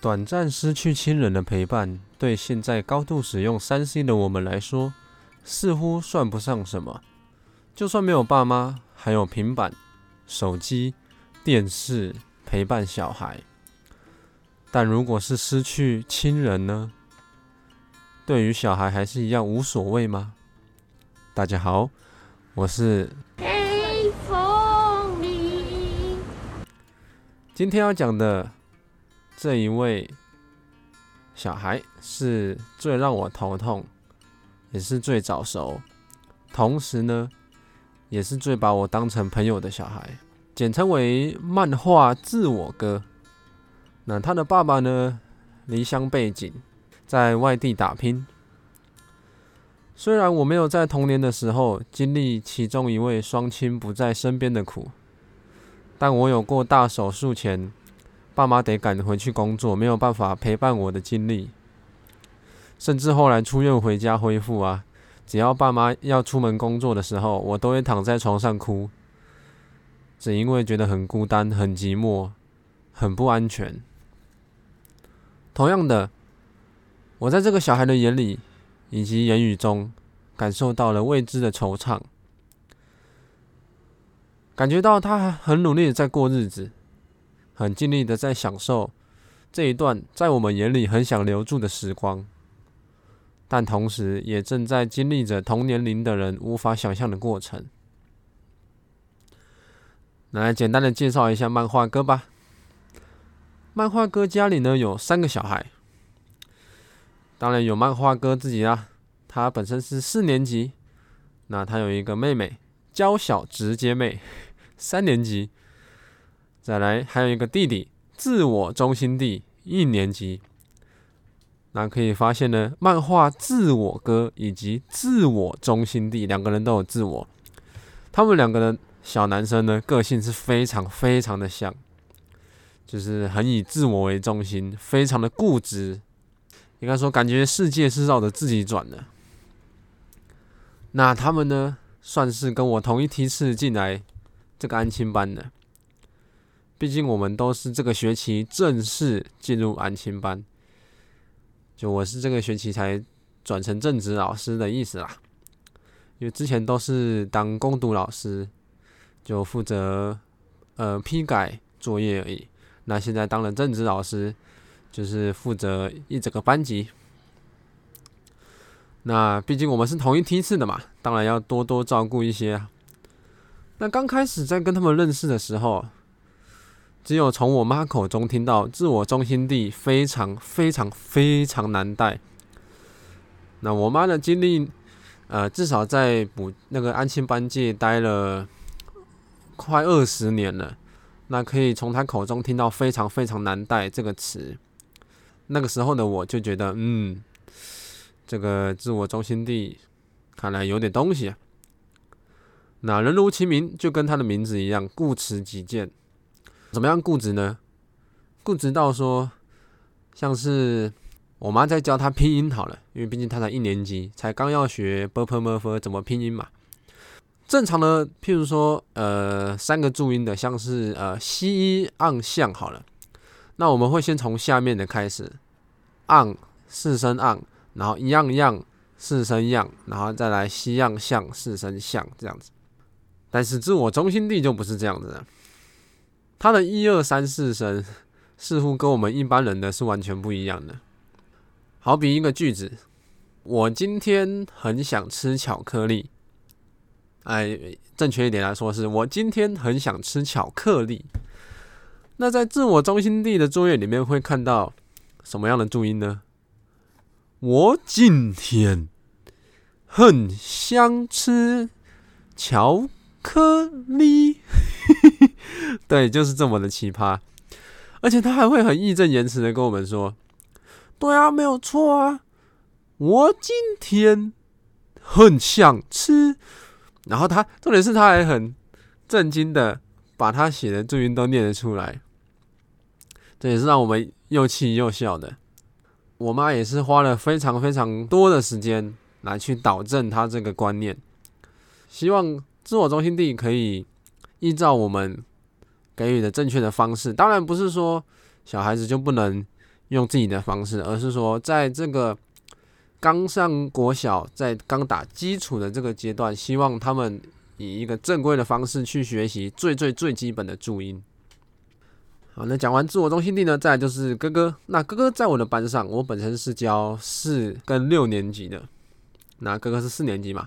短暫失去親人的陪伴，對現在高度使用三 C 的我們來說，似乎算不上什麼。就算沒有爸媽，還有平板、手機、電視陪伴小孩。但如果是失去親人呢？對於小孩還是一樣無所謂嗎？大家好，我是。今天要講的。這一位小孩是最讓我頭痛，也是最早熟，同時呢，也是最把我當成朋友的小孩，簡稱為“漫畫自我哥”。那他的爸爸呢，離鄉背井，在外地打拼。雖然我沒有在童年的時候經歷其中一位雙親不在身邊的苦，但我有過大手術前。爸媽得趕回去工作，沒有辦法陪伴我的經歷。甚至後來出院回家恢復啊，只要爸媽要出門工作的時候，我都會躺在床上哭，只因為覺得很孤單、很寂寞、很不安全。同樣的，我在這個小孩的眼裡以及言語中，感受到了未知的惆悵，感覺到他很努力的在過日子。很盡力的在享受這一段在我們眼裡很想留住的時光，但同時也正在經歷着同年齡的人無法想象的過程。來簡單的介紹一下漫畫哥吧。漫畫哥家裡呢有三個小孩，當然有漫畫哥自己啦，啊。他本身是四年級，那他有一個妹妹，嬌小直接妹，三年級。再來，還有一個弟弟，自我中心弟，一年級。那可以發現呢，漫畫自我哥以及自我中心弟，兩個人都有自我，他們兩個的小男生呢，個性是非常非常的像，就是很以自我為中心，非常的固執。應該說，感覺世界是繞着自己轉的。那他們呢，算是跟我同一梯次進來這個安親班的。畢竟我們都是這個學期正式進入安親班，就我是這個學期才轉成正職老師的意思啦。因為之前都是當工讀老師，就負責呃批改作業而已。那現在當了正職老師，就是負責一整個班級。那畢竟我們是同一梯次的嘛，當然要多多照顧一些啊。那剛開始在跟他們認識的時候，只有從我媽口中聽到“自我中心地非常非常非常難帶”。那我媽的經歷，呃，至少在補那個安親班界待了快二十年了。那可以從她口中聽到“非常非常難帶”這個詞。那個時候的我就覺得，嗯，這個自我中心地，看來有點東西啊。那人如其名，就跟他的名字一樣，固執己見。怎麼樣固執呢？固執到說，像是我媽在教他拼音好了，因為畢竟他才一年級，才剛要學 “b p m f” 怎麼拼音嘛。正常的，譬如說，呃，三個注音的，像是呃“西一”“樣”“向”好了。那我們會先從下面的開始，“按”四聲“按”，然後“一樣”“樣”四聲“樣”，然後“一樣”一樣四聲“樣”，然後再來“西”“樣”“向”四聲“像”這樣子。但是自我中心地就不是這樣子了。他的一二三四聲似乎跟我們一般人的是完全不一樣的。好比一個句子，我今天很想吃巧克力。哎，正確一點來說是，是我今天很想吃巧克力。那在自我中心地的作業裡面會看到什麼樣的注音呢？我今天很想吃巧克力。 對，就是這麼的奇葩，而且他還會很義正言辭的跟我們說：“對啊，沒有錯啊，我今天很想吃。”然後他重點是他還很震驚的把他寫的注音都念得出來，這也是讓我們又氣又笑的。我媽也是花了非常非常多的時間來去導正他這個觀念，希望自我中心地可以依照我們。給予的正確的方式，當然不是說小孩子就不能用自己的方式，而是說在這個剛上國小、在剛打基礎的這個階段，希望他們以一個正規的方式去學習最最最最基本的注音。好，那講完自我中心地呢，再就是哥哥。那哥哥在我的班上，我本身是教四跟六年級的，那哥哥是四年級嘛，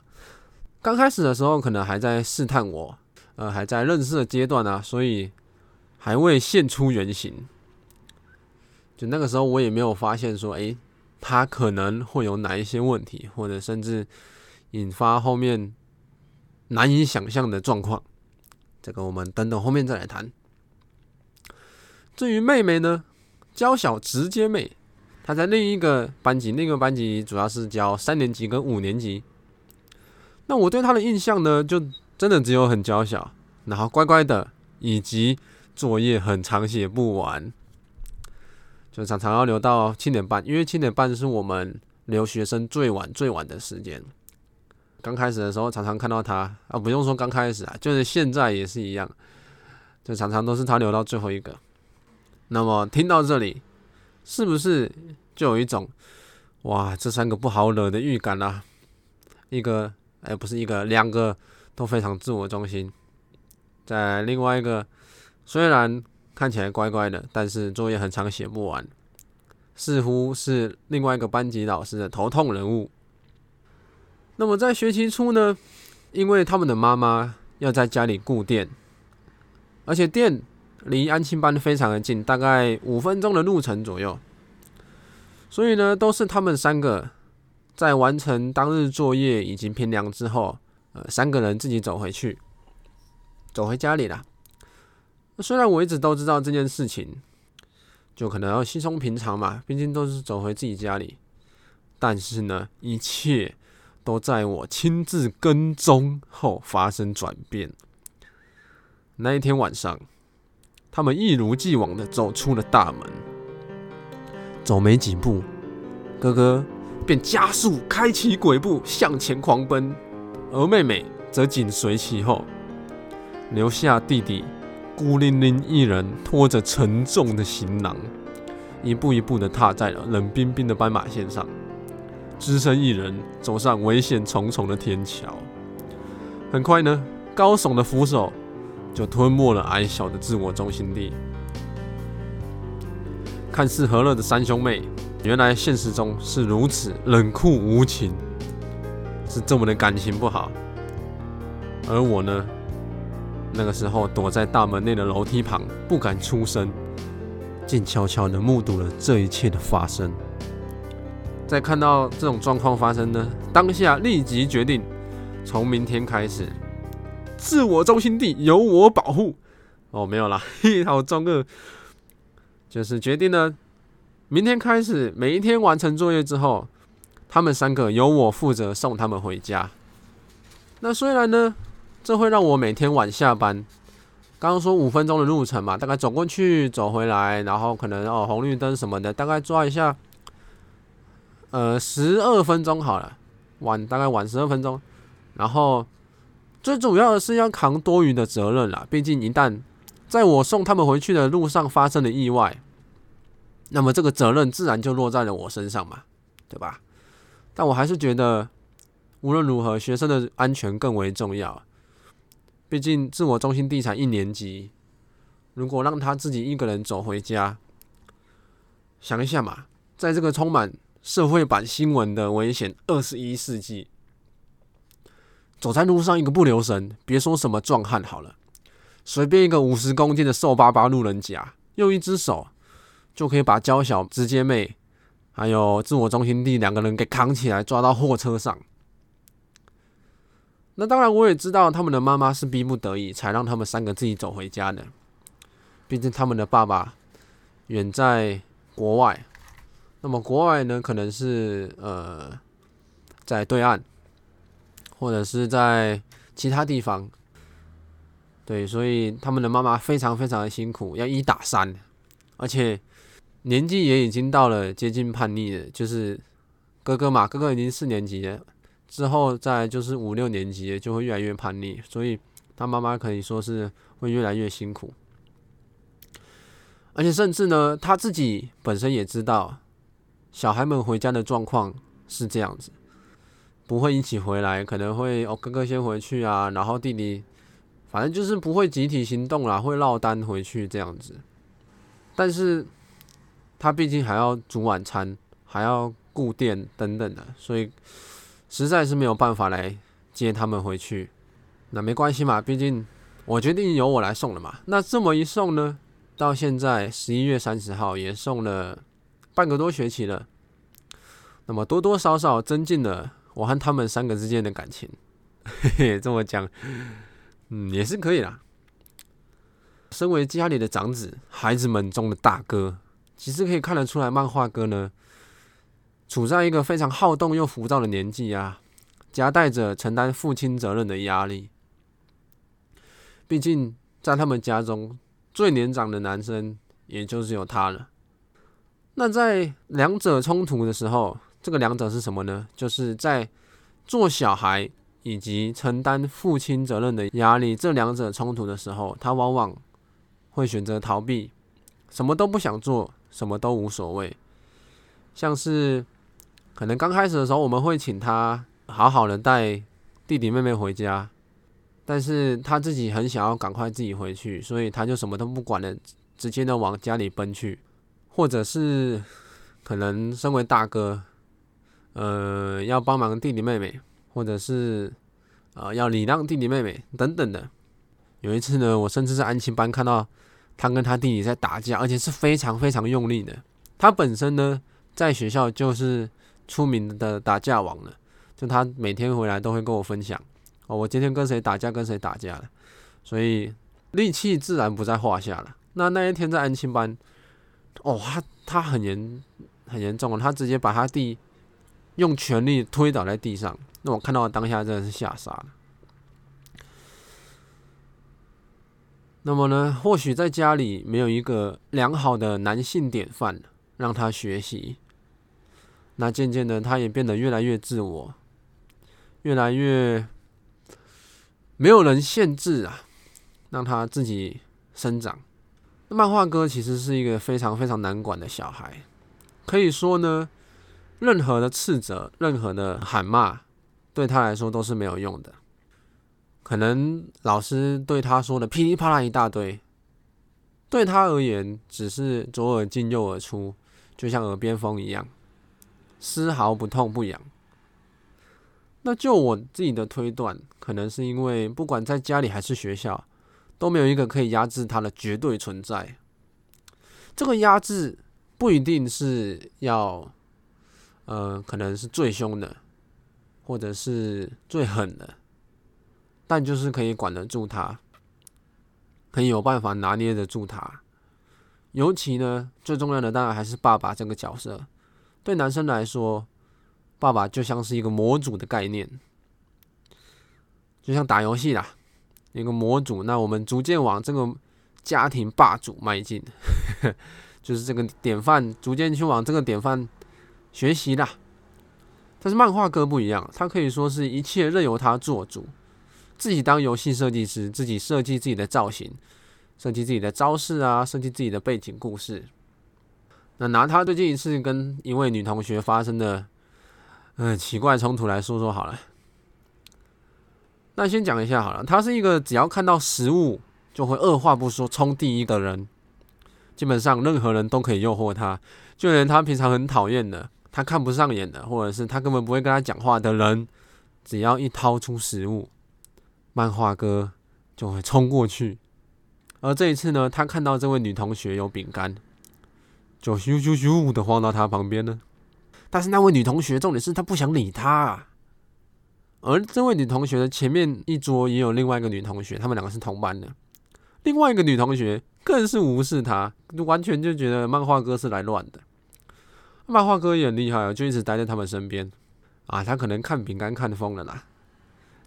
剛開始的時候可能還在試探我，呃，還在認識的階段啊，所以。還未現出原形，就那個時候我也沒有發現說，哎、欸，他可能會有哪一些問題，或者甚至引發後面難以想象的狀況。這個我們等等後面再來談。至於妹妹呢，嬌小直接妹，她在另一個班級，另一個班級主要是教三年級跟五年級。那我對她的印象呢，就真的只有很嬌小，然後乖乖的，以及。作業很長，寫不完，就常常要留到七點半，因為七點半是我們留學生最晚、最晚的時間。剛開始的時候，常常看到他啊，不用說剛開始啊，就是現在也是一樣，就常常都是他留到最後一個。那麼聽到這裡，是不是就有一種哇，這三個不好惹的預感啊？一個，哎，不是一個，兩個都非常自我中心，在另外一個。雖然看起來乖乖的，但是作業很常寫不完，似乎是另外一個班級老師的頭痛人物。那麼在學期初呢，因為他們的媽媽要在家裡顧店，而且店離安親班非常的近，大概五分鐘的路程左右，所以呢，都是他們三個在完成當日作業以及評量之後，呃，三個人自己走回去，走回家裡了。雖然我一直都知道這件事情，就可能要稀鬆平常嘛，畢竟都是走回自己家裡，但是呢，一切都在我親自跟蹤後發生轉變。那一天晚上，他們一如既往地走出了大門，走沒幾步，哥哥便加速開啟鬼步向前狂奔，而妹妹則緊隨其後，留下弟弟。孤零零一人拖着沉重的行囊，一步一步的踏在了冷冰冰的斑馬線上，只身一人走上危險重重的天橋。很快呢，高聳的扶手就吞沒了矮小的自我中心地。看似和樂的三兄妹，原來現實中是如此冷酷無情，是這麼的感情不好。而我呢？那個時候躲在大門內的樓梯旁，不敢出聲，靜悄悄的目睹了這一切的發生。在看到這種狀況發生呢，當下立即決定，從明天開始，自我中心地由我保護。哦，沒有啦，好中二，就是決定呢，明天開始，每一天完成作業之後，他們三個由我負責送他們回家。那雖然呢。這會讓我每天晚下班，剛剛說五分鐘的路程嘛，大概走過去走回來，然後可能哦紅綠燈什麼的，大概抓一下，呃，十二分鐘好了，晚大概晚十二分鐘。然後最主要的是要扛多餘的責任啦，畢竟一旦在我送他們回去的路上發生了意外，那麼這個責任自然就落在了我身上嘛，對吧？但我還是覺得，無論如何，學生的安全更為重要。畢竟，自我中心弟才一年級，如果讓他自己一個人走回家，想一下嘛，在這個充滿社會版新聞的危險二十一世紀，走在路上一個不留神，別說什麼壯漢好了，隨便一個五十公斤的瘦巴巴路人甲，用一隻手就可以把嬌小直接妹，還有自我中心弟兩個人給扛起來，抓到貨車上。那當然，我也知道他們的媽媽是逼不得已才讓他們三個自己走回家的。畢竟他們的爸爸遠在國外，那麼國外呢，可能是呃在對岸，或者是在其他地方。對，所以他們的媽媽非常非常的辛苦，要一打三，而且年紀也已經到了接近叛逆了，就是哥哥嘛，哥哥已經四年級了。之後，再就是五六年級就會越來越叛逆，所以他媽媽可以說是會越來越辛苦。而且，甚至呢，他自己本身也知道，小孩們回家的狀況是這樣子，不會一起回來，可能會哦哥哥先回去啊，然後弟弟，反正就是不會集體行動啦、啊，會落單回去這樣子。但是，他畢竟還要煮晚餐，還要顧店等等的、啊，所以。實在是沒有辦法來接他們回去，那沒關係嘛，畢竟我決定由我來送了嘛。那這麼一送呢，到現在十一月三十號也送了半個多學期了，那麼多多少少增進了我和他們三個之間的感情。嘿嘿，這麼講，嗯，也是可以啦。身為家裡的長子，孩子們中的大哥，其實可以看得出來，漫畫哥呢。處在一個非常好動又浮躁的年紀啊，夾帶着承擔父親責任的壓力。畢竟在他們家中最年長的男生，也就只有他了。那在兩者衝突的時候，這個兩者是什麼呢？就是在做小孩以及承擔父親責任的壓力這兩者衝突的時候，他往往會選擇逃避，什麼都不想做，什麼都無所謂，像是。可能剛開始的時候，我們會請他好好的帶弟弟妹妹回家，但是他自己很想要趕快自己回去，所以他就什麼都不管了，直接的往家裡奔去。或者是可能身為大哥，呃，要幫忙弟弟妹妹，或者是啊、呃、要禮讓弟弟妹妹等等的。有一次呢，我甚至在安親班看到他跟他弟弟在打架，而且是非常非常用力的。他本身呢在學校就是，出名的打架王了，就他每天回來都會跟我分享哦，我今天跟誰打架、跟誰打架了，所以戾氣自然不在話下了。那那一天在安親班，哦，他他很嚴很嚴重了，他直接把他弟用全力推倒在地上。那我看到當下真的是嚇傻了。那麼呢，或許在家裡沒有一個良好的男性典範，讓他學習。那漸漸的，他也變得越來越自我，越來越沒有人限制啊，讓他自己生長。那漫畫哥其實是一個非常非常難管的小孩，可以說呢，任何的斥責、任何的喊罵，對他來說都是沒有用的。可能老師對他說的噼里啪啦一大堆，對他而言只是左耳進右耳出，就像耳邊風一樣。絲毫不痛不癢，那就我自己的推斷，可能是因為不管在家裡還是學校，都沒有一個可以壓制他的絕對存在。這個壓制不一定是要，呃，可能是最凶的，或者是最狠的，但就是可以管得住他，可以有辦法拿捏得住他。尤其呢，最重要的當然還是爸爸這個角色。對男生來說，爸爸就像是一個模組的概念，就像打遊戲啦，一個模組。那我們逐漸往這個家庭霸主邁進， 就是這個典範，逐漸去往這個典範學習啦。但是漫畫哥不一樣，他可以說是一切任由他做主，自己當遊戲設計師，自己設計自己的造型，設計自己的招式啊，設計自己的背景故事。那拿他最近一次跟一位女同學發生的嗯、呃、奇怪衝突來說說好了。那先講一下好了，他是一個只要看到食物就會二話不說衝第一的人，基本上任何人都可以誘惑他，就連他平常很討厭的、他看不上眼的，或者是他根本不會跟他講話的人，只要一掏出食物，漫畫哥就會衝過去。而這一次呢，他看到這位女同學有餅乾。就咻咻咻的晃到他旁邊了，但是那位女同學重點是她不想理他啊，而這位女同學的前面一桌也有另外一個女同學，他們兩個是同班的。另外一個女同學更是無視他，完全就覺得漫畫哥是來亂的。漫畫哥也很厲害，就一直待在他們身邊啊，他可能看餅乾看瘋了啦。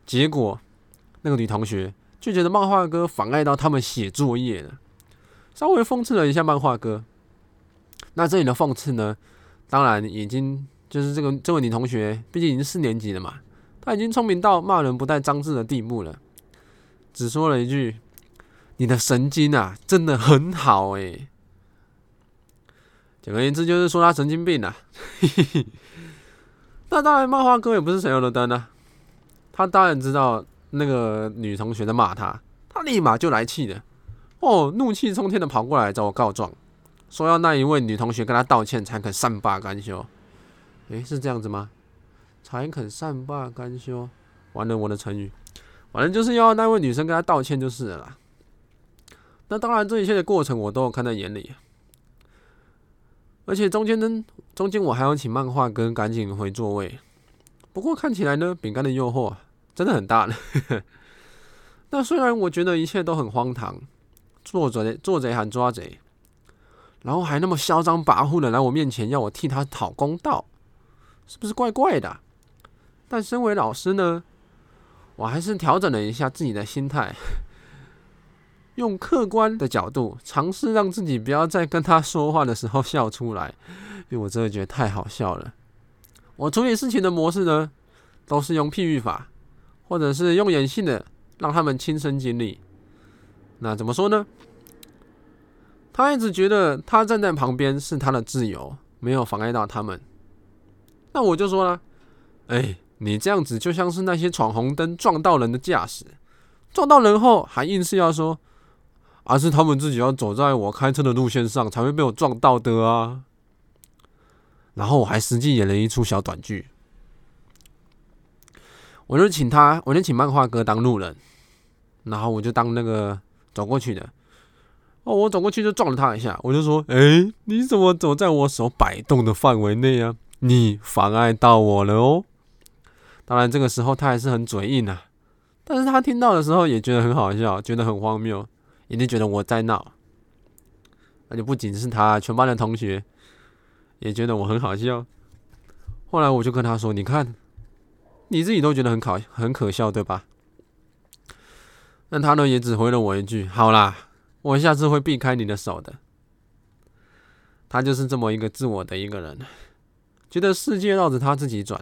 結果那個女同學就覺得漫畫哥妨礙到他們寫作業了，稍微諷刺了一下漫畫哥。那這裡的諷刺呢？當然已經就是這個這位女同學，畢竟已經四年級了嘛，她已經聰明到罵人不帶髒字的地步了，只說了一句：“你的神經啊，真的很好哎、欸。”簡而言之，就是說她神經病啊。嘿嘿嘿。那當然，漫畫哥也不是省油的燈啊，他當然知道那個女同學在罵他，他立馬就來氣了，哦，怒氣衝天的跑過來找我告狀。說要那一位女同學跟他道歉才肯善罷甘休，誒，是這樣子嗎？才肯善罷甘休，完了我的成語，反正就是要那位女生跟他道歉就是了啦。那當然，這一切的過程我都有看在眼裡，而且中間呢，中間我還要請漫畫哥趕緊回座位。不過看起來呢，餅乾的誘惑真的很大呢。 那雖然我覺得一切都很荒唐，做賊做賊喊抓賊。然後還那麼囂張跋扈的來我面前，要我替他討公道，是不是怪怪的啊？但身為老師呢，我還是調整了一下自己的心態，用客觀的角度，嘗試讓自己不要在跟他說話的時候笑出來，因為我真的覺得太好笑了。我處理事情的模式呢，都是用譬喻法，或者是用演戲的，讓他們親身經歷。那怎麼說呢？他一直覺得他站在旁邊是他的自由，沒有妨礙到他們。那我就說了：“哎，你這樣子就像是那些闖紅燈撞到人的駕駛，撞到人後還硬是要說，而是他們自己要走在我開車的路線上才會被我撞到的啊。”然後我還實際演了一出小短劇，我就請他，我就請漫畫哥當路人，然後我就當那個走過去的。哦，我走過去就撞了他一下，我就說：“誒，你怎麼走在我手擺動的範圍內啊？你妨礙到我了哦。”當然，這個時候他還是很嘴硬啊。但是他聽到的時候也覺得很好笑，覺得很荒謬，一定覺得我在鬧。而且不僅是他，全班的同學也覺得我很好笑。後來我就跟他說：“你看，你自己都覺得很可很可笑，對吧？”那他呢，也只回了我一句：“好啦。”我下次會避開你的手的。他就是這麼一個自我的一個人，覺得世界繞着他自己轉，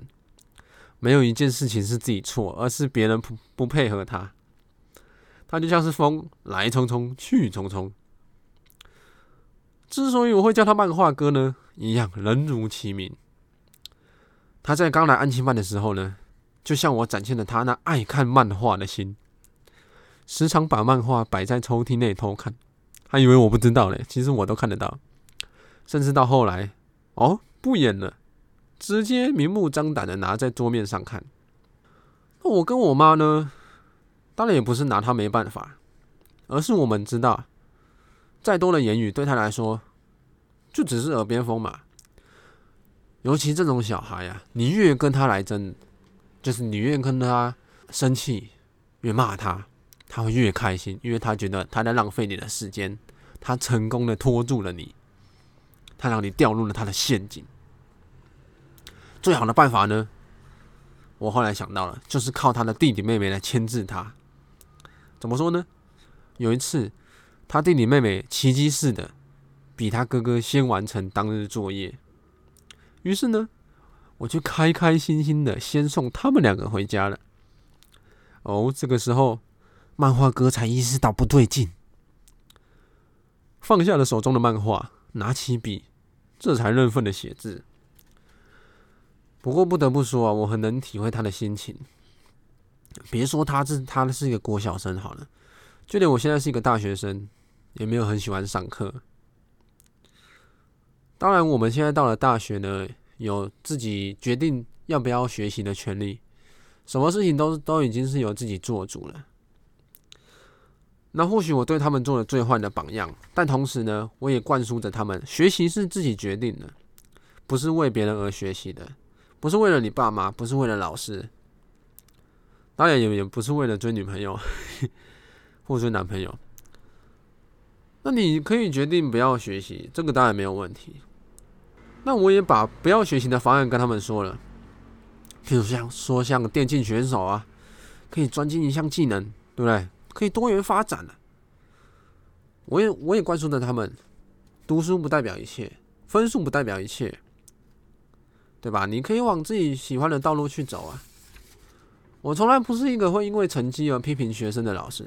沒有一件事情是自己錯，而是別人不不配合他。他就像是風，來匆匆，去匆匆。之所以我會叫他漫畫哥呢，一樣人如其名。他在剛來安親班的時候呢，就向我展現了他那愛看漫畫的心。時常把漫畫擺在抽屜內偷看，還以為我不知道嘞，其實我都看得到。甚至到後來，哦，不演了，直接明目張膽的拿在桌面上看。那我跟我媽呢，當然也不是拿她沒辦法，而是我們知道，再多的言語對她來說，就只是耳邊風嘛。尤其這種小孩呀、啊，你越跟他來爭，就是你越跟他生氣，越罵他。他會越開心，因為他覺得他在浪費你的時間，他成功的拖住了你，他讓你掉入了他的陷阱。最好的辦法呢，我後來想到了，就是靠他的弟弟妹妹來牽制他。怎麼說呢？有一次，他弟弟妹妹奇蹟似的比他哥哥先完成當日作業，於是呢，我就開開心心的先送他們兩個回家了。哦，這個時候。漫畫哥才意識到不對勁，放下了手中的漫畫，拿起筆，這才認份的寫字。不過不得不說啊，我很能體會他的心情。別說他是他是一個國小生好了，就連我現在是一個大學生，也沒有很喜歡上課。當然，我們現在到了大學呢，有自己決定要不要學習的權利，什麼事情都都已經是由自己做主了。那或許我對他們做了最壞的榜樣，但同時呢，我也灌輸着他們：學習是自己決定的，不是為別人而學習的，不是為了你爸媽，不是為了老師，當然也也不是為了追女朋友 或追男朋友。那你可以決定不要學習，這個當然沒有問題。那我也把不要學習的方案跟他們說了，比如像說像電競選手啊，可以專精一項技能，對不對？可以多元發展啊，我也我也灌輸著他們，讀書不代表一切，分數不代表一切，對吧？你可以往自己喜歡的道路去走啊。我從來不是一個會因為成績而批評學生的老師，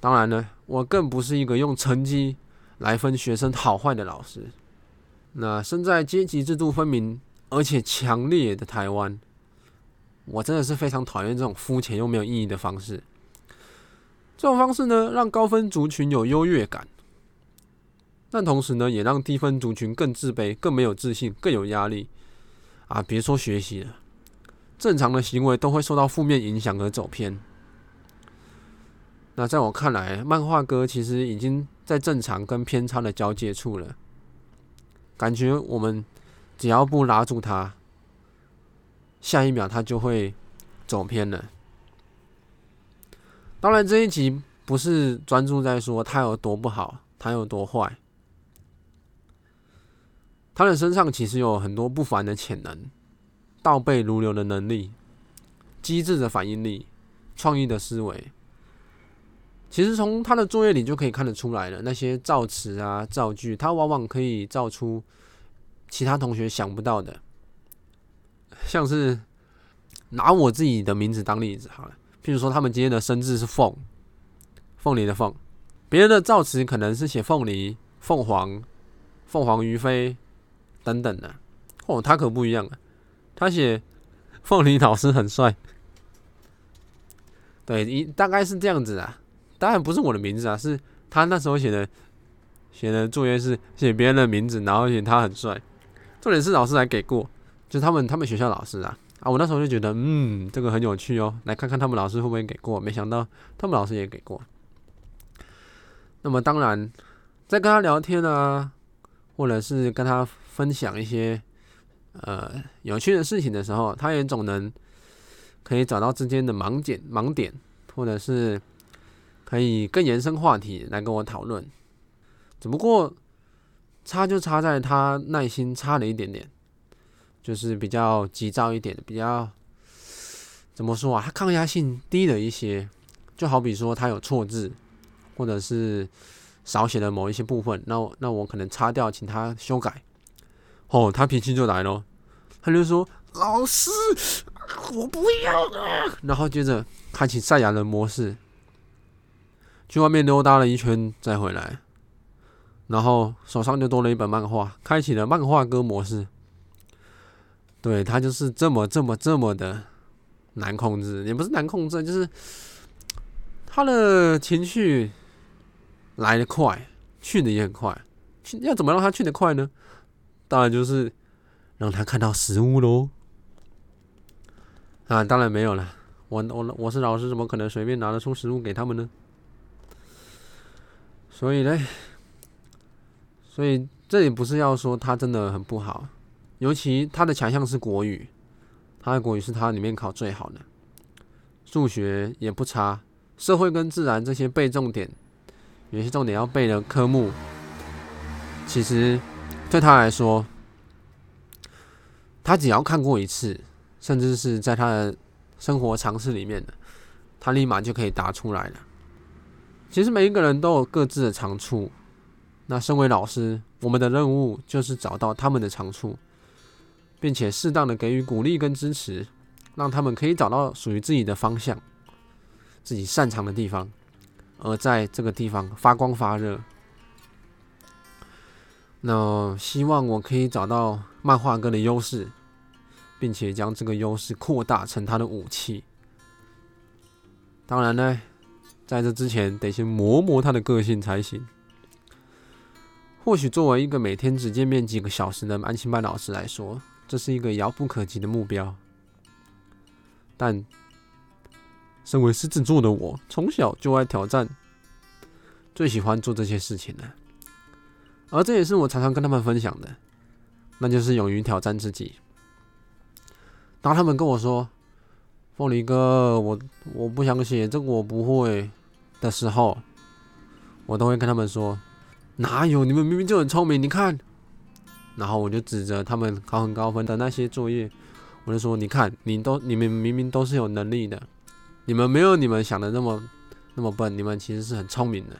當然呢，我更不是一個用成績來分學生好壞的老師。那身在階級制度分明而且強烈的台灣，我真的是非常討厭這種膚淺又沒有意義的方式。這種方式呢，讓高分族群有優越感，但同時呢，也讓低分族群更自卑、更沒有自信、更有壓力。啊，別說學習了，正常的行為都會受到負面影響而走偏。那在我看來，漫畫哥其實已經在正常跟偏差的交界處了，感覺我們只要不拉住他，下一秒他就會走偏了。當然，這一集不是專注在說他有多不好，他有多壞。他的身上其實有很多不凡的潛能，倒背如流的能力，機智的反應力，創意的思維。其實從他的作業裡就可以看得出來了，那些造詞啊、造句，他往往可以造出其他同學想不到的。像是拿我自己的名字當例子好了。譬如說，他們今天的生字是“鳳”，鳳梨的“鳳”，別人的造詞可能是寫“鳳梨”“鳳凰”“鳳凰於飛”等等的啊。哦，他可不一樣了啊，他寫“鳳梨老師很帥”，對，一大概是這樣子啊。當然不是我的名字啊，是他那時候寫的，寫的作業是寫別人的名字，然後寫他很帥。重點是老師還給過，就是他們他們學校老師啊。啊，我那時候就覺得，嗯，這個很有趣哦，來看看他們老師會不會給過。沒想到他們老師也給過。那麼當然，在跟他聊天呢、啊，或者是跟他分享一些呃有趣的事情的時候，他也總能可以找到之間的盲點盲點，或者是可以更延伸話題來跟我討論。只不過差就差在他耐心差了一點點。就是比較急躁一點，比較怎麼說啊？他抗壓性低了一些，就好比說他有錯字，或者是少寫了某一些部分，那我那我可能擦掉，請他修改。哦，他脾氣就來了，他就說：“老師，我不要的、啊。”然後接着開啟賽亞人模式，去外面溜達了一圈再回來，然後手上就多了一本漫畫，開啟了漫畫哥模式。對，他就是這麼這麼這麼的難控制，也不是難控制，就是他的情緒來得快，去得也很快。要怎麼讓他去得快呢？當然就是讓他看到食物嘍。啊，當然沒有了，我我我是老師，怎麼可能隨便拿得出食物給他們呢？所以咧，所以這也不是要說他真的很不好。尤其他的強項是國語，他的國語是他裡面考最好的，數學也不差，社會跟自然這些背重點，有些重點要背的科目，其實對他來說，他只要看過一次，甚至是在他的生活常識裡面的，他立馬就可以答出來了。其實每一個人都有各自的長處，那身為老師，我們的任務就是找到他們的長處。並且適當的給予鼓勵跟支持，讓他們可以找到屬於自己的方向，自己擅長的地方，而在這個地方發光發熱。那希望我可以找到漫畫哥的優勢，並且將這個優勢擴大成他的武器。當然呢，在這之前得先磨磨他的個性才行。或許作為一個每天只見面幾個小時的安親班老師來說。這是一個遙不可及的目標，但身為獅子座的我，從小就愛挑戰，最喜歡做這些事情了。而這也是我常常跟他們分享的，那就是勇於挑戰自己。當他們跟我說“鳳梨哥，我我不想寫，這個我不會”的時候，我都會跟他們說：“哪有？你們明明就很聰明，你看。”然後我就指着他們考很高分的那些作業，我就說：“你看，你都，你們明明都是有能力的，你們沒有你們想的那麼那麼笨，你們其實是很聰明的，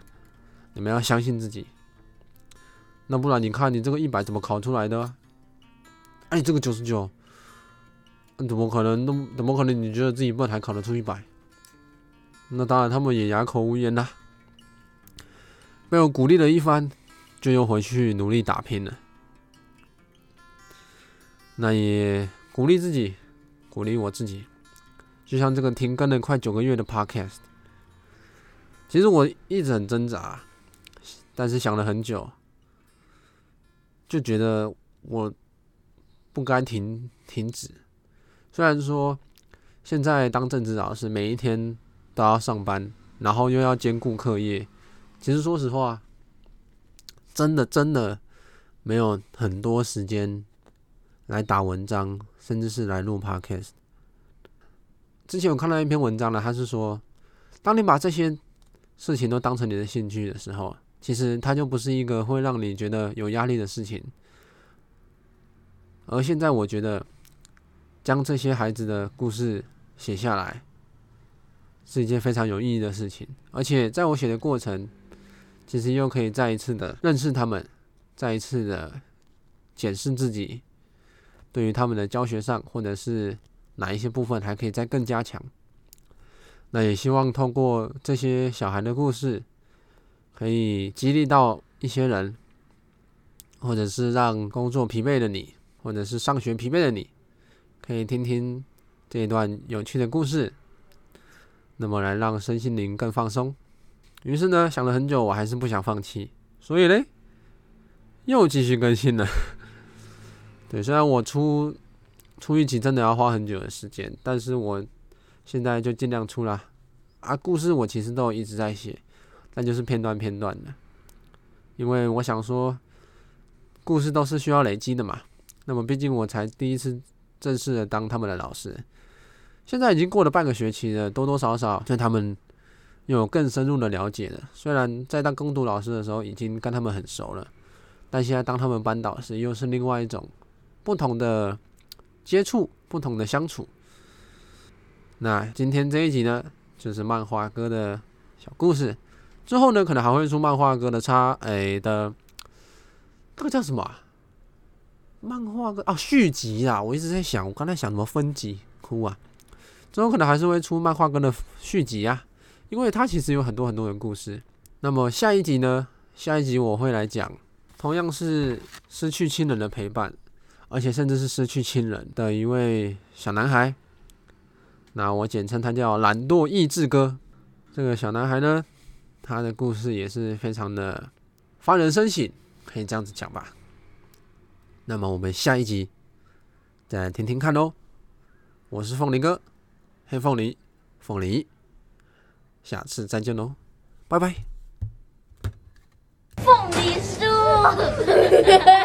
你們要相信自己。那不然你看你這個一百怎麼考出來的啊？哎，這個九十九，怎麼可能都怎麼可能？你覺得自己笨還考得出一百？那當然，他們也啞口無言啦啊。被我鼓勵了一番，就又回去努力打拼了。”那也鼓勵自己，鼓勵我自己，就像這個停更了快九個月的 Podcast，其實我一直很掙扎，但是想了很久，就覺得我不該停停止。雖然說現在當政治老師，每一天都要上班，然後又要兼顧課業，其實說實話，真的真的沒有很多時間，來打文章，甚至是來錄 podcast。之前我看到一篇文章呢，他是說，當你把這些事情都當成你的興趣的時候，其實它就不是一個會讓你覺得有壓力的事情。而現在，我覺得將這些孩子的故事寫下來是一件非常有意義的事情，而且在我寫的過程，其實又可以再一次的認識他們，再一次的檢視自己。對於他們的教學上，或者是哪一些部分還可以再更加強，那也希望透過這些小孩的故事，可以激勵到一些人，或者是讓工作疲憊的你，或者是上學疲憊的你，可以聽聽這一段有趣的故事，那麼來讓身心靈更放鬆。於是呢，想了很久，我還是不想放棄，所以嘞，又繼續更新了。對，雖然我出出一期真的要花很久的時間，但是我現在就盡量出了啊。故事我其實都一直在寫，但就是片段片段的，因為我想說，故事都是需要累積的嘛。那麼畢竟我才第一次正式的當他們的老師，現在已經過了半個學期了，多多少少對他們有更深入的了解了。雖然在當共讀老師的時候已經跟他們很熟了，但現在當他們班導師又是另外一種。不同的接觸，不同的相處。那今天這一集呢，就是漫畫哥的小故事。之後呢，可能還會出漫畫哥的差哎的，這個叫什麼啊？漫畫哥哦，續集啊！我一直在想，我剛才想怎麼分集哭啊？之後可能還是會出漫畫哥的續集啊，因為他其實有很多很多的故事。那麼下一集呢？下一集我會來講，同樣是失去親人的陪伴。而且甚至是失去親人的一位小男孩，那我簡稱他叫“懶惰意志哥”。這個小男孩呢，他的故事也是非常的發人深省，可以這樣子講吧。那麼我們下一集再聽聽看嘍。我是鳳梨哥，黑鳳梨，鳳梨，下次再見嘍，拜拜。鳳梨酥。